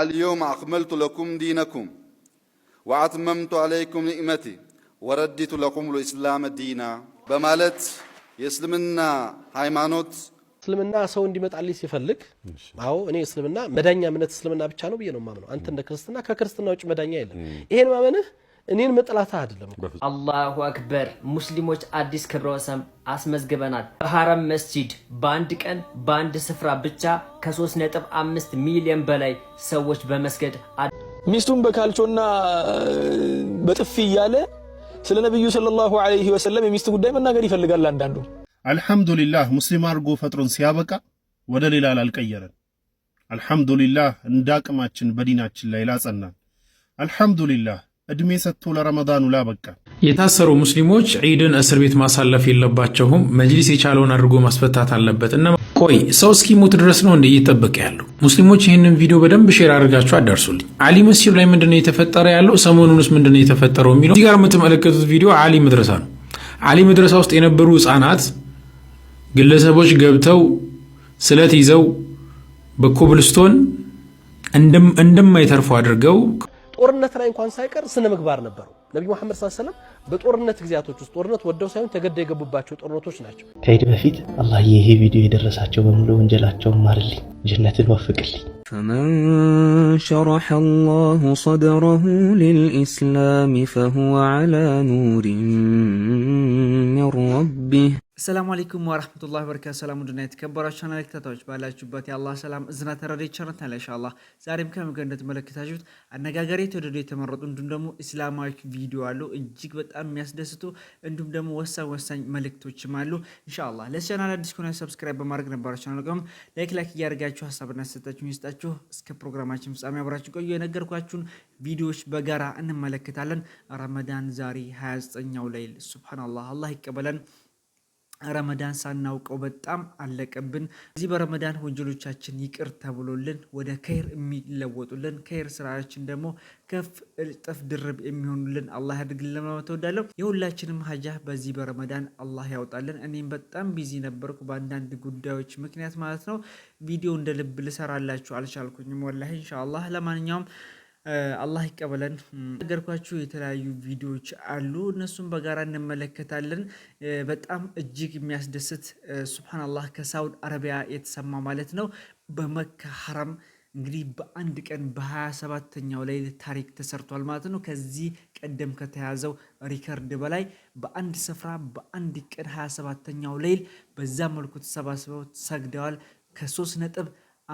አልየውም አክመልቱ ለኩም ዲነኩም ወአትመምቱ አለይኩም ኒዕመቲ ወረዲቱ ለኩም ልእስላም ዲና በማለት የእስልምና ሃይማኖት እስልምና ሰው እንዲመጣልኝ ሲፈልግ፣ አዎ እኔ እስልምና መዳኛ እምነት እስልምና ብቻ ነው ብዬ ነው ማምነው። አንተ እንደ ክርስትና ከክርስትና ውጭ መዳኛ የለም። ይሄን ማመንህ እኔን መጥላት አይደለም። አላሁ አክበር። ሙስሊሞች አዲስ ክብረ ወሰን አስመዝግበናል። በሐረም መስጂድ በአንድ ቀን በአንድ ስፍራ ብቻ ከ3.5 ሚሊዮን በላይ ሰዎች በመስገድ ሚስቱን በካልቾና በጥፊ እያለ ስለ ነቢዩ ሰለላሁ ዐለይሂ ወሰለም የሚስት ጉዳይ መናገር ይፈልጋል። አንዳንዱ አልሐምዱሊላህ ሙስሊም አድርጎ ፈጥሮን ሲያበቃ ወደ ሌላ አልቀየረን። አልሐምዱሊላህ እንደ አቅማችን በዲናችን ላይ ላጸናን። አልሐምዱሊላህ እድሜ ሰጥቶ ለረመዳኑ ላበቃ የታሰሩ ሙስሊሞች ዒድን እስር ቤት ማሳለፍ የለባቸውም። መጅሊስ የቻለውን አድርጎ ማስፈታት አለበት እና ቆይ ሰው እስኪሞት ድረስ ነው እንዲህ እየጠበቀ ያለው። ሙስሊሞች ይህንን ቪዲዮ በደንብ ሼር አድርጋችሁ አዳርሱልኝ። አሊ መስጂድ ላይ ምንድነው የተፈጠረ ያለው? ሰሞኑንስ ምንድነው የተፈጠረው የሚለው እዚህ ጋር የምትመለከቱት ቪዲዮ አሊ መድረሳ ነው። አሊ መድረሳ ውስጥ የነበሩ ህጻናት ግለሰቦች ገብተው ስለት ይዘው በኮብልስቶን እንደማይተርፉ አድርገው ጦርነት ላይ እንኳን ሳይቀር ስነ ምግባር ነበረው። ነቢ መሐመድ ሰለላሁ ዐለይሂ ወሰለም በጦርነት ጊዜያቶች ውስጥ ጦርነት ወደው ሳይሆን ተገደው የገቡባቸው ጦርነቶች ናቸው። ከኢድ በፊት አላህ ይሄ ቪዲዮ የደረሳቸው በሙሉ ወንጀላቸውን ማርልኝ፣ ጀነትን ወፍቅልኝ። ፈመን ሸረሐ አላሁ ሰድረሁ ሊልኢስላሚ ፈሁወ ዐላ ኑሪን ሚን ረቢህ ሰላም አለይኩም ወራህመቱላሂ ወበረካቱ። ሰላም ድና የተከበራችሁ ቻናል ተከታታዮች ባላችሁበት የአላህ ሰላም እዝና ተራሪ ቸርነት ያለ ኢንሻአላህ። ዛሬም ከምገን እንደተመለከታችሁት አነጋጋሪ የተወደዱ የተመረጡ እንዲሁም ደግሞ እስላማዊ ቪዲዮ አሉ። እጅግ በጣም የሚያስደስቱ እንዲሁም ደግሞ ወሳኝ ወሳኝ መልእክቶችም አሉ ኢንሻአላህ። ለቻናል አዲስ ከሆነ ሰብስክራይብ በማድረግ ነባራችሁ ቻናል ደግሞ ላይክ ላይክ እያደረጋችሁ ሀሳብና ሰጣችሁን ይስጣችሁ። እስከ ፕሮግራማችን ፍጻሜ አብራችሁ ቆዩ። የነገርኳችሁን ቪዲዮዎች በጋራ እንመለከታለን። ረመዳን ዛሬ 29ኛው ሌሊት ሱብሃንአላህ አላህ ይቀበለን። ረመዳን ሳናውቀው በጣም አለቀብን። እዚህ በረመዳን ወንጀሎቻችን ይቅር ተብሎልን ወደ ከይር የሚለወጡልን ከይር ስራችን ደግሞ ከፍ እጥፍ ድርብ የሚሆኑልን አላህ ያድርግልን ለማለት እወዳለሁ። የሁላችንም ሀጃ በዚህ በረመዳን አላህ ያውጣልን። እኔም በጣም ቢዚ ነበርኩ በአንዳንድ ጉዳዮች ምክንያት ማለት ነው። ቪዲዮ እንደ ልብ ልሰራላችሁ አልቻልኩኝም ወላሂ። ኢንሻአላህ ለማንኛውም አላህ ይቀበለን። ነገርኳችሁ የተለያዩ ቪዲዮዎች አሉ፣ እነሱም በጋራ እንመለከታለን። በጣም እጅግ የሚያስደስት ሱብሃናላህ ከሳውድ አረቢያ የተሰማ ማለት ነው በመካ ሐረም እንግዲህ በአንድ ቀን በሀያ ሰባተኛው ላይ ታሪክ ተሰርቷል ማለት ነው። ከዚህ ቀደም ከተያዘው ሪከርድ በላይ በአንድ ስፍራ በአንድ ቀን ሀያ ሰባተኛው ሌይል በዛ መልኩ ተሰባስበው ሰግደዋል ከሶስት ነጥብ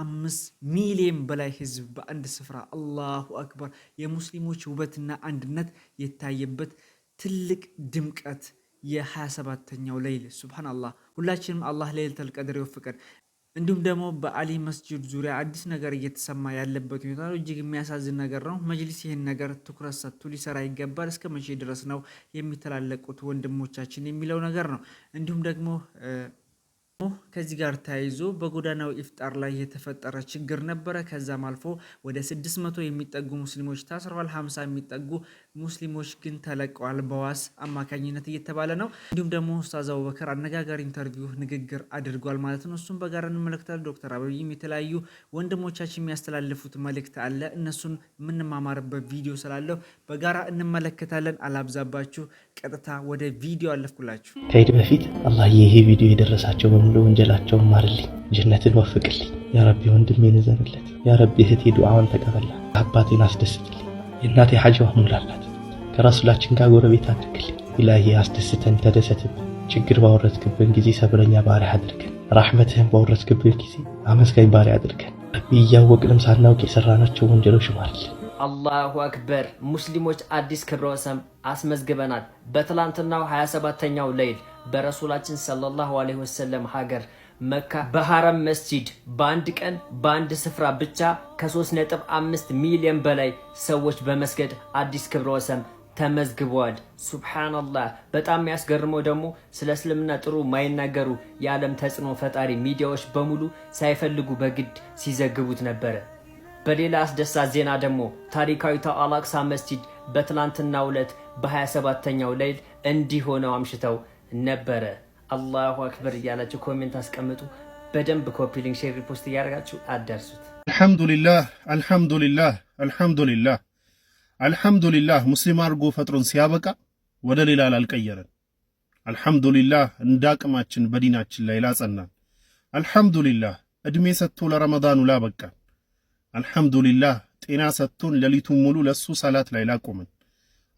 አምስት ሚሊዮን በላይ ህዝብ በአንድ ስፍራ አላሁ አክበር የሙስሊሞች ውበትና አንድነት የታየበት ትልቅ ድምቀት የ27ተኛው ሌይል ሱብሃነላህ። ሁላችንም አላህ ሌይለቱል ቀድር ይወፍቀን። እንዲሁም ደግሞ በአሊ መስጂድ ዙሪያ አዲስ ነገር እየተሰማ ያለበት ሁኔታ ነው። እጅግ የሚያሳዝን ነገር ነው። መጅሊስ ይህን ነገር ትኩረት ሰጥቶ ሊሰራ ይገባል። እስከ መቼ ድረስ ነው የሚተላለቁት ወንድሞቻችን የሚለው ነገር ነው። እንዲሁም ደግሞ ከዚህ ጋር ተያይዞ በጎዳናው ኢፍጣር ላይ የተፈጠረ ችግር ነበረ። ከዛም አልፎ ወደ ስድስት መቶ የሚጠጉ ሙስሊሞች ታስረዋል። 50 የሚጠጉ ሙስሊሞች ግን ተለቀዋል በዋስ አማካኝነት እየተባለ ነው። እንዲሁም ደግሞ ኡስታዝ አቡበከር አነጋጋሪ ኢንተርቪው ንግግር አድርጓል ማለት ነው። እሱም በጋራ እንመለከታለን። ዶክተር አብይም የተለያዩ ወንድሞቻችን የሚያስተላልፉት መልእክት አለ። እነሱን የምንማማርበት ቪዲዮ ስላለው በጋራ እንመለከታለን። አላብዛባችሁ ቀጥታ ወደ ቪዲዮ አለፍኩላችሁ። ከሄድ በፊት አላህ ይሄ ቪዲዮ የደረሳቸው በሙሉ ወንጀላቸውን ማርልኝ፣ ጀነትን ወፍቅልኝ፣ ያረቢ ወንድሜን እዘንለት፣ ያረቢ እህቴ ዱዓዋን ተቀበላ፣ አባቴን አስደስትልኝ፣ የእናቴ ሐጃዋ ሙላላት፣ ከራሱላችን ጋር ጎረቤት አድርግልኝ፣ ኢላሂ አስደስተን ተደሰትብን፣ ችግር ባወረድክብን ጊዜ ሰብረኛ ባሪያ አድርገን፣ ራሕመትህን ባወረድክብን ጊዜ አመስጋኝ ባሪያ አድርገን፣ ረቢ እያወቅንም ሳናውቅ የሰራናቸው ወንጀሎች ማርልን አላሁ አክበር ሙስሊሞች አዲስ ክብረ ወሰን አስመዝግበናል። በትላንትናው 27 ኛው ሌይል በረሱላችን ሰለላሁ አለይሂ ወሰለም ሀገር መካ በሐረም መስጂድ በአንድ ቀን በአንድ ስፍራ ብቻ ከ3.5 ሚሊዮን በላይ ሰዎች በመስገድ አዲስ ክብረ ወሰን ተመዝግበዋል። ሱብሓነላህ። በጣም የሚያስገርመው ደግሞ ስለ እስልምና ጥሩ ማይናገሩ የዓለም ተጽዕኖ ፈጣሪ ሚዲያዎች በሙሉ ሳይፈልጉ በግድ ሲዘግቡት ነበረ። በሌላ አስደሳች ዜና ደግሞ ታሪካዊቷ አላቅሳ መስጂድ በትላንትና ዕለት በ27ተኛው ሌሊት እንዲህ ሆነው አምሽተው ነበረ። አላሁ አክበር እያላችሁ ኮሜንት አስቀምጡ። በደንብ ኮፒ ሊንክ፣ ሼር፣ ሪፖስት እያደረጋችሁ አዳርሱት። አልሐምዱሊላህ አልሐምዱሊላህ አልሐምዱሊላህ አልሐምዱሊላህ። ሙስሊም አድርጎ ፈጥሮን ሲያበቃ ወደ ሌላ ላልቀየረን አልሐምዱሊላህ፣ አቅማችን በዲናችን ላይ ላጸናን አልሐምዱሊላህ፣ ዕድሜ ሰጥቶ ለረመዳኑ ላበቃን አልሐምዱሊላህ ጤና ሰጥቶን ሌሊቱን ሙሉ ለሱ ሰላት ላይ ላቆምን።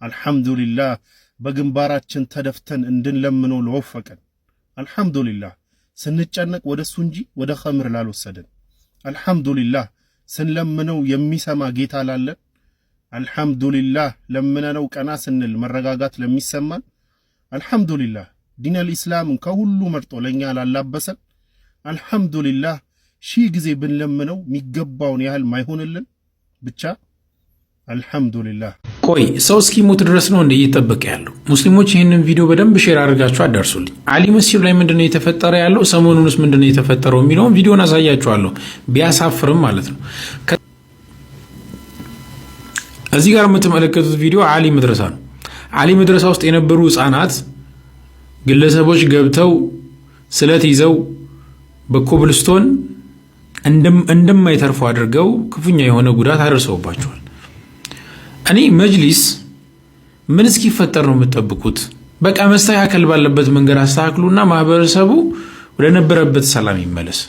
አልሐምዱሊላህ በግንባራችን ተደፍተን እንድንለምነው ለወፈቀን። አልሐምዱሊላህ ስንጨነቅ ወደ እሱ እንጂ ወደ ኸምር ላልወሰደን። አልሐምዱሊላህ ስንለምነው የሚሰማ ጌታ ላለን። አልሐምዱሊላህ ለምነነው ቀና ስንል መረጋጋት ለሚሰማን። አልሐምዱሊላህ ዲነል ኢስላምን ከሁሉ መርጦ ለእኛ ላላበሰን። አልሐምዱሊላህ ሺህ ጊዜ ብንለምነው የሚገባውን ያህል ማይሆንልን ብቻ አልሐምዱሊላህ። ቆይ ሰው እስኪሞት ድረስ ነው እንደ እየጠበቀ ያለው? ሙስሊሞች ይህንን ቪዲዮ በደንብ ሼር አድርጋችሁ አዳርሱልኝ። አሊ መሲር ላይ ምንድነው የተፈጠረ ያለው ሰሞኑንስ ምንድነው የተፈጠረው የሚለውን ቪዲዮን አሳያችኋለሁ። ቢያሳፍርም ማለት ነው። እዚህ ጋር የምትመለከቱት ቪዲዮ አሊ መድረሳ ነው። አሊ መድረሳ ውስጥ የነበሩ ህጻናት ግለሰቦች ገብተው ስለት ይዘው በኮብልስቶን እንደማይተርፉ አድርገው ክፉኛ የሆነ ጉዳት አደርሰውባቸዋል። እኔ መጅሊስ ምን እስኪፈጠር ነው የምጠብቁት? በቃ መስተካከል ባለበት መንገድ አስተካክሉና ማህበረሰቡ ወደነበረበት ሰላም ይመለስ።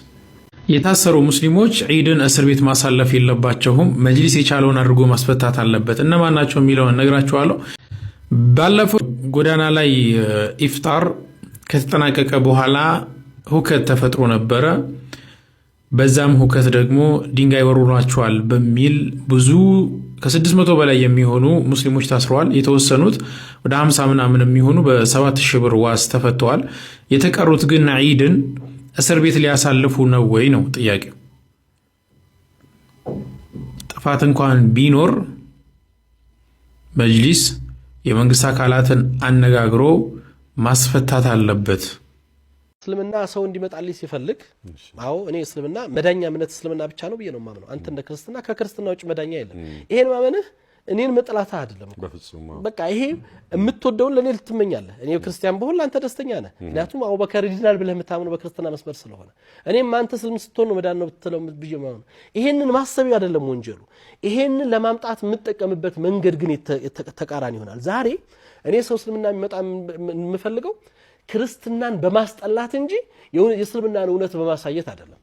የታሰሩ ሙስሊሞች ዒድን እስር ቤት ማሳለፍ የለባቸውም። መጅሊስ የቻለውን አድርጎ ማስፈታት አለበት። እነማን ናቸው የሚለውን እነግራችኋለሁ። ባለፈው ጎዳና ላይ ኢፍጣር ከተጠናቀቀ በኋላ ሁከት ተፈጥሮ ነበረ። በዛም ሁከት ደግሞ ድንጋይ ወርውሯቸዋል በሚል ብዙ ከ600 በላይ የሚሆኑ ሙስሊሞች ታስረዋል። የተወሰኑት ወደ 50 ምናምን የሚሆኑ በ7 ሺህ ብር ዋስ ተፈተዋል። የተቀሩት ግን ዒድን እስር ቤት ሊያሳልፉ ነው ወይ ነው ጥያቄው። ጥፋት እንኳን ቢኖር መጅሊስ የመንግስት አካላትን አነጋግሮ ማስፈታት አለበት። እስልምና ሰው እንዲመጣልኝ ሲፈልግ፣ አዎ እኔ እስልምና መዳኛ እምነት እስልምና ብቻ ነው ብዬ ነው ማምነው። አንተ እንደ ክርስትና ከክርስትና ውጭ መዳኛ የለም። ይሄን ማመንህ እኔን መጥላትህ አይደለም። በቃ ይሄ የምትወደውን ለእኔ ልትመኛለህ። እኔ ክርስቲያን በሆን ለአንተ ደስተኛ ነህ። ምክንያቱም አቡበከር ይድናል ብለህ የምታምነው በክርስትና መስመር ስለሆነ እኔም አንተ ስልም ስትሆን ነው መዳን ነው ብትለው ብዬ ማምነው። ይሄንን ማሰብ አይደለም ወንጀሉ። ይሄንን ለማምጣት የምጠቀምበት መንገድ ግን ተቃራኒ ይሆናል። ዛሬ እኔ ሰው እስልምና የሚመጣ የምፈልገው ክርስትናን በማስጠላት እንጂ የእስልምናን እውነት በማሳየት አይደለም።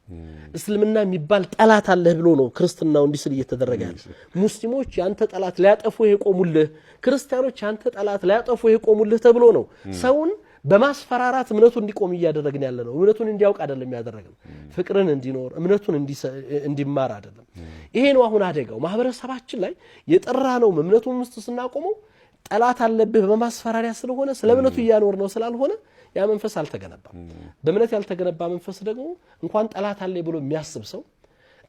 እስልምና የሚባል ጠላት አለህ ብሎ ነው ክርስትናው እንዲስል እየተደረገ ያለ። ሙስሊሞች ያንተ ጠላት ሊያጠፉ የቆሙልህ፣ ክርስቲያኖች ያንተ ጠላት ሊያጠፉ የቆሙልህ ተብሎ ነው ሰውን በማስፈራራት እምነቱ እንዲቆም እያደረግን ያለ ነው። እምነቱን እንዲያውቅ አይደለም ያደረግ ፍቅርን እንዲኖር እምነቱን እንዲማር አይደለም። ይሄ ነው አሁን አደጋው ማህበረሰባችን ላይ የጠራ ነው። እምነቱን ውስጥ ስናቆመው ጠላት አለብህ በማስፈራሪያ ስለሆነ ስለ እምነቱ እያኖር ነው ስላልሆነ ያ መንፈስ አልተገነባም። በእምነት ያልተገነባ መንፈስ ደግሞ እንኳን ጠላት አለ ብሎ የሚያስብ ሰው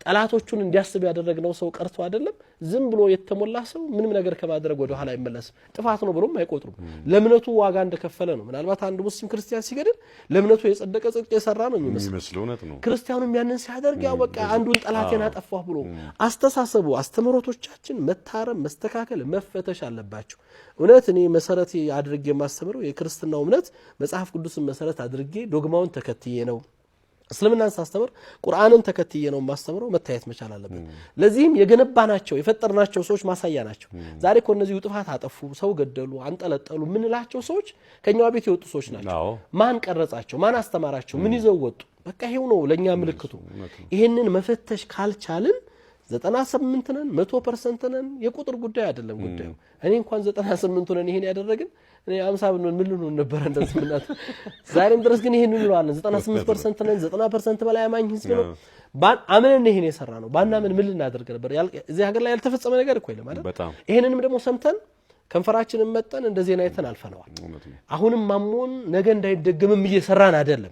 ጠላቶቹን እንዲያስብ ያደረግነው ሰው ቀርቶ አይደለም። ዝም ብሎ የተሞላ ሰው ምንም ነገር ከማድረግ ወደ ኋላ አይመለስም። ጥፋት ነው ብሎም አይቆጥሩም። ለእምነቱ ዋጋ እንደከፈለ ነው። ምናልባት አንድ ሙስሊም ክርስቲያን ሲገድል ለእምነቱ የጸደቀ ጽድቅ የሰራ ነው የሚመስለው። ክርስቲያኑም ያንን ሲያደርግ ያው በቃ አንዱን ጠላቴን አጠፋሁ ብሎ አስተሳሰቡ፣ አስተምህሮቶቻችን መታረም፣ መስተካከል፣ መፈተሽ አለባቸው። እውነት እኔ መሰረት አድርጌ የማስተምረው የክርስትናው እምነት መጽሐፍ ቅዱስን መሰረት አድርጌ ዶግማውን ተከትዬ ነው እስልምናን ሳስተምር ቁርአንን ተከትዬ ነው ማስተምረው። መታየት መቻል አለበት። ለዚህም የገነባ ናቸው የፈጠርናቸው ሰዎች ማሳያ ናቸው። ዛሬ እኮ እነዚሁ ጥፋት አጠፉ፣ ሰው ገደሉ፣ አንጠለጠሉ የምንላቸው ሰዎች ከእኛዋ ቤት የወጡ ሰዎች ናቸው። ማን ቀረጻቸው? ማን አስተማራቸው? ምን ይዘው ወጡ? በቃ ይሄው ነው ለእኛ ምልክቱ። ይህንን መፈተሽ ካልቻልን ዘጠና ስምንት ነን መቶ ፐርሰንት ነን የቁጥር ጉዳይ አይደለም ጉዳዩ። እኔ እንኳን ዘጠና ስምንቱ ነን ይሄን ያደረግን እኔ አምሳ ብንሆን ምን ልንሆን ነበረ? እንደዚህ ምናት ዛሬም ድረስ ግን ይሄን እንለዋለን። ዘጠና ስምንት ፐርሰንት ነን። ዘጠና ፐርሰንት በላይ አማኝ ህዝብ ነው። አምነን ይሄን የሰራ ነው። ባናምን ምን ልናደርግ ነበር? እዚህ ሀገር ላይ ያልተፈጸመ ነገር እኮ የለም አይደል? ይሄንንም ደግሞ ሰምተን ከንፈራችንን መጠን እንደዚህ አይተን አልፈነዋል። አሁንም አሞን ነገ እንዳይደገምም እየሰራን አይደለም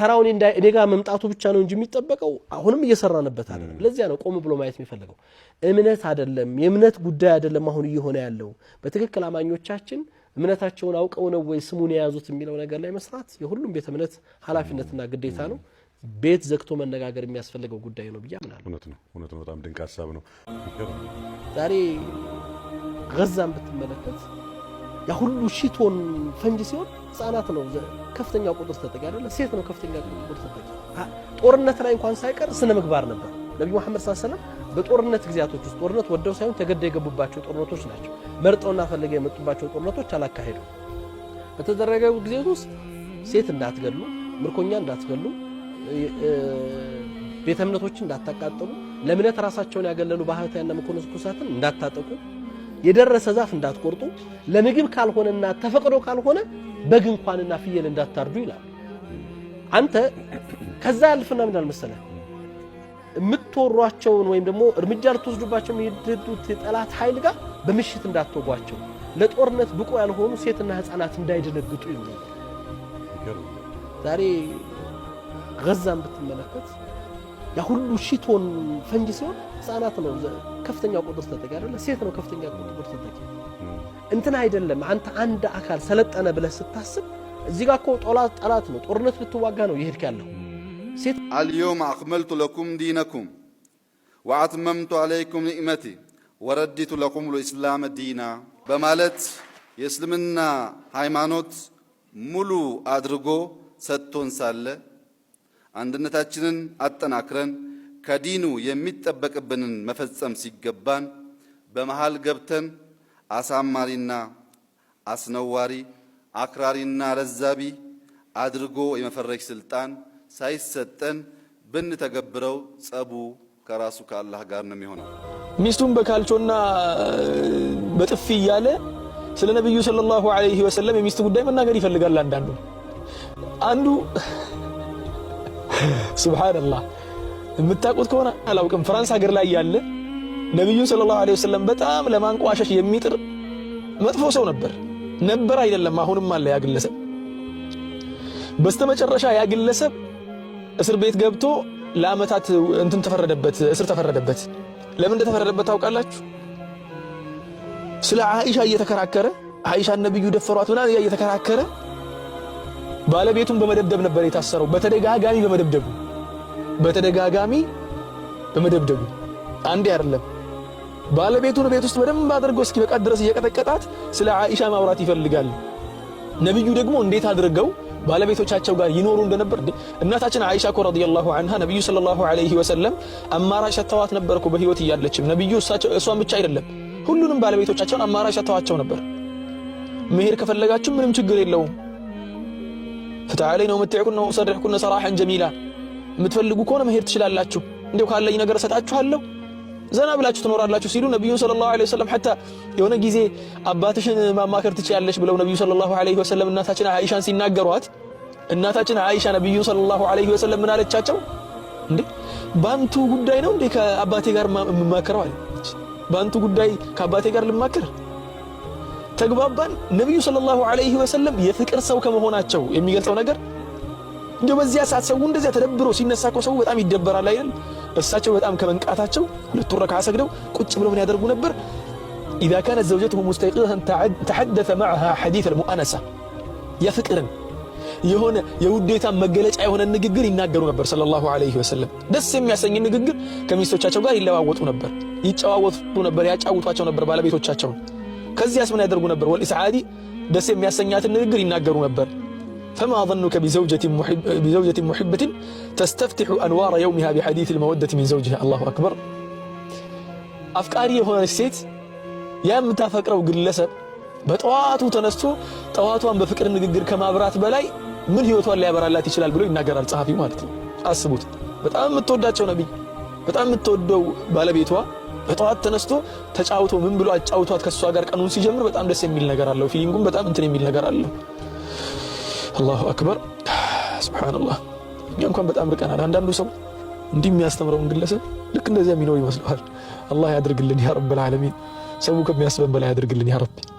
ተራውን እኔ ጋር መምጣቱ ብቻ ነው እንጂ የሚጠበቀው አሁንም እየሰራንበት አይደለም። ለዚያ ነው ቆም ብሎ ማየት የሚፈልገው። እምነት አይደለም የእምነት ጉዳይ አይደለም አሁን እየሆነ ያለው በትክክል አማኞቻችን እምነታቸውን አውቀው ነው ወይ ስሙን የያዙት የሚለው ነገር ላይ መስራት የሁሉም ቤተ እምነት ኃላፊነትና ግዴታ ነው። ቤት ዘግቶ መነጋገር የሚያስፈልገው ጉዳይ ነው ብዬ አምናለሁ። እውነት ነው፣ እውነት ነው። በጣም ድንቅ ሀሳብ ነው። ዛሬ ገዛን ብትመለከት ያ ሁሉ ሺህ ቶን ፈንጅ ሲሆን ህጻናት ነው ከፍተኛ ቁጥር ተጠቂ አይደለ፣ ሴት ነው ከፍተኛ ቁጥር ተጠቂ። ጦርነት ላይ እንኳን ሳይቀር ስነ ምግባር ነበር። ነቢዩ መሐመድ ሰለላሁ ዐለይሂ ወሰለም በጦርነት ጊዜያቶች ውስጥ ጦርነት ወደው ሳይሆን ተገደው የገቡባቸው ጦርነቶች ናቸው። መርጠውና ፈልገው የመጡባቸው ጦርነቶች አላካሄዱም። በተደረገው ጊዜ ውስጥ ሴት እንዳትገሉ፣ ምርኮኛ እንዳትገሉ፣ ቤተ እምነቶችን እንዳታቃጠሉ፣ ለእምነት ራሳቸውን ያገለሉ ባህታውያንና መነኮሳትን እንዳታጠቁ የደረሰ ዛፍ እንዳትቆርጡ፣ ለምግብ ካልሆነና ተፈቅዶ ካልሆነ በግ እንኳንና ፍየል እንዳታርዱ ይላል። አንተ ከዛ አልፍና ምን አልመሰለ የምትወሯቸውን ወይም ደግሞ እርምጃ ልትወስዱባቸው የሚሄዱት የጠላት ኃይል ጋር በምሽት እንዳትወጓቸው ለጦርነት ብቁ ያልሆኑ ሴትና ሕፃናት እንዳይደነግጡ ይሉ። ዛሬ ገዛን ብትመለከት ያ ሁሉ ፈንጅ ፈንጂ ሲሆን ህጻናት ነው ከፍተኛ ቁጥር ተጠቂ አይደለ? ሴት ነው ከፍተኛ ቁጥር ተጠቂ እንትን አይደለም። አንተ አንድ አካል ሰለጠነ ብለህ ስታስብ እዚህ ጋር እኮ ጦላት ጠላት ነው። ጦርነት ልትዋጋ ነው ይሄድክ ያለው ሴት አልዮም አክመልቱ ለኩም ዲነኩም ወአትመምቱ አለይኩም ኒዕመቲ ወረዲቱ ለኩም ልእስላም ዲና በማለት የእስልምና ሃይማኖት ሙሉ አድርጎ ሰጥቶን ሳለ አንድነታችንን አጠናክረን ከዲኑ የሚጠበቅብንን መፈጸም ሲገባን በመሃል ገብተን አሳማሪና አስነዋሪ አክራሪና ረዛቢ አድርጎ የመፈረጅ ስልጣን ሳይሰጠን ብንተገብረው ጸቡ ከራሱ ከአላህ ጋር ነው የሚሆነው። ሚስቱን በካልቾና በጥፊ እያለ ስለ ነቢዩ ሰለላሁ ዐለይሂ ወሰለም የሚስት ጉዳይ መናገር ይፈልጋል። አንዳንዱ አንዱ ሱብሃነላህ የምታውቁት ከሆነ አላውቅም፣ ፍራንስ ሀገር ላይ ያለ ነቢዩን ሰለላሁ ዐለይሂ ወሰለም በጣም ለማንቋሸሽ የሚጥር መጥፎ ሰው ነበር ነበር አይደለም፣ አሁንም አለ ያ ግለሰብ። በስተመጨረሻ ያ ግለሰብ እስር ቤት ገብቶ ለአመታት እንትን ተፈረደበት፣ እስር ተፈረደበት። ለምን እንደተፈረደበት ታውቃላችሁ? ስለ አኢሻ እየተከራከረ አኢሻን ነብዩ ደፈሯት ምናምን እየተከራከረ ባለቤቱን በመደብደብ ነበር የታሰረው፣ በተደጋጋሚ በመደብደብ በተደጋጋሚ በመደብደቡ አንዴ አይደለም ባለቤቱን ቤት ውስጥ በደንብ አድርጎ እስኪበቃት ድረስ እየቀጠቀጣት ስለ አኢሻ ማውራት ይፈልጋል። ነቢዩ ደግሞ እንዴት አድርገው ባለቤቶቻቸው ጋር ይኖሩ እንደነበር እናታችን አይሻ እኮ ረዲየላሁ አንሃ ነቢዩ ሰለላሁ ዐለይሂ ወሰለም አማራጭ ሰጥተዋት ነበር እኮ በህይወት እያለችም። ነቢዩ እሷን ብቻ አይደለም ሁሉንም ባለቤቶቻቸውን አማራጭ ሰጥተዋቸው ነበር። መሄድ ከፈለጋችሁ ምንም ችግር የለውም፣ فتعالينا ومتعكن وأسرحكن ሰራሐን ጀሚላ የምትፈልጉ ከሆነ መሄድ ትችላላችሁ፣ እንዲሁ ካለኝ ነገር እሰጣችኋለሁ፣ ዘና ብላችሁ ትኖራላችሁ ሲሉ ነቢዩ ሰለላሁ ዐለይሂ ወሰለም ሐታ የሆነ ጊዜ አባትሽን ማማከር ትችያለሽ ብለው ነቢዩ ሰለላሁ ዐለይሂ ወሰለም እናታችን አይሻን ሲናገሯት እናታችን አይሻ ነቢዩን ሰለላሁ ዐለይሂ ወሰለም ምን አለቻቸው? እንዴ ባንቱ ጉዳይ ነው እንዴ ከአባቴ ጋር የምማከረው አለች። ባንቱ ጉዳይ ከአባቴ ጋር ልማከር ተግባባን። ነቢዩ ሰለላሁ ዐለይሂ ወሰለም የፍቅር ሰው ከመሆናቸው የሚገልጸው ነገር እንደ በዚያ ሰዓት ሰው እንደዚያ ተደብሮ ሲነሳ እኮ ሰው በጣም ይደበራል አይደል? እሳቸው በጣም ከመንቃታቸው ሁለት ረካ ሰግደው ቁጭ ብለው ምን ያደርጉ ነበር? ኢዛ ካነት ዘውጀትሁ ሙስተይቂዘተን ተሐደተ መዐሃ ሐዲሰል ሙአነሳ የፍቅርን የሆነ የውዴታ መገለጫ የሆነ ንግግር ይናገሩ ነበር ሰለላሁ ዐለይሂ ወሰለም። ደስ የሚያሰኝ ንግግር ከሚስቶቻቸው ጋር ይለዋወጡ ነበር፣ ይጨዋወቱ ነበር፣ ያጫውቷቸው ነበር ባለቤቶቻቸውን። ከዚያስ ምን ያደርጉ ነበር? ወልኢስዓዲ ደስ የሚያሰኛትን ንግግር ይናገሩ ነበር። ፈማ ظኑከ ቢዘውጀት ሙሕበትን ተስተፍትሑ አንዋረ የውሚሃ ቢሐዲት ልመወደት ሚን ዘውጅሃ። አላሁ አክበር። አፍቃሪ የሆነች ሴት የምታፈቅረው ግለሰብ በጠዋቱ ተነስቶ ጠዋቷን በፍቅር ንግግር ከማብራት በላይ ምን ህይወቷን ሊያበራላት ይችላል ብሎ ይናገራል ጸሐፊ ማለት ነው። አስቡት። በጣም የምትወዳቸው ነቢይ፣ በጣም የምትወደው ባለቤቷ በጠዋት ተነስቶ ተጫውቶ ምን ብሎ አጫውቷት ከእሷ ጋር ቀኑን ሲጀምር በጣም ደስ የሚል ነገር አለው። ፊሊንጉም በጣም እንትን የሚል ነገር አለው። አላሁ አክበር ስብሓንላህ። እኛ እንኳን በጣም ርቀናል። አንዳንዱ ሰው እንዲህ የሚያስተምረውን ግለሰብ ልክ እንደዚያ የሚኖር ይመስለዋል። አላህ ያድርግልን ያ ረብ ልዓለሚን። ሰው ከሚያስበን በላይ ያድርግልን ያ ረቢ።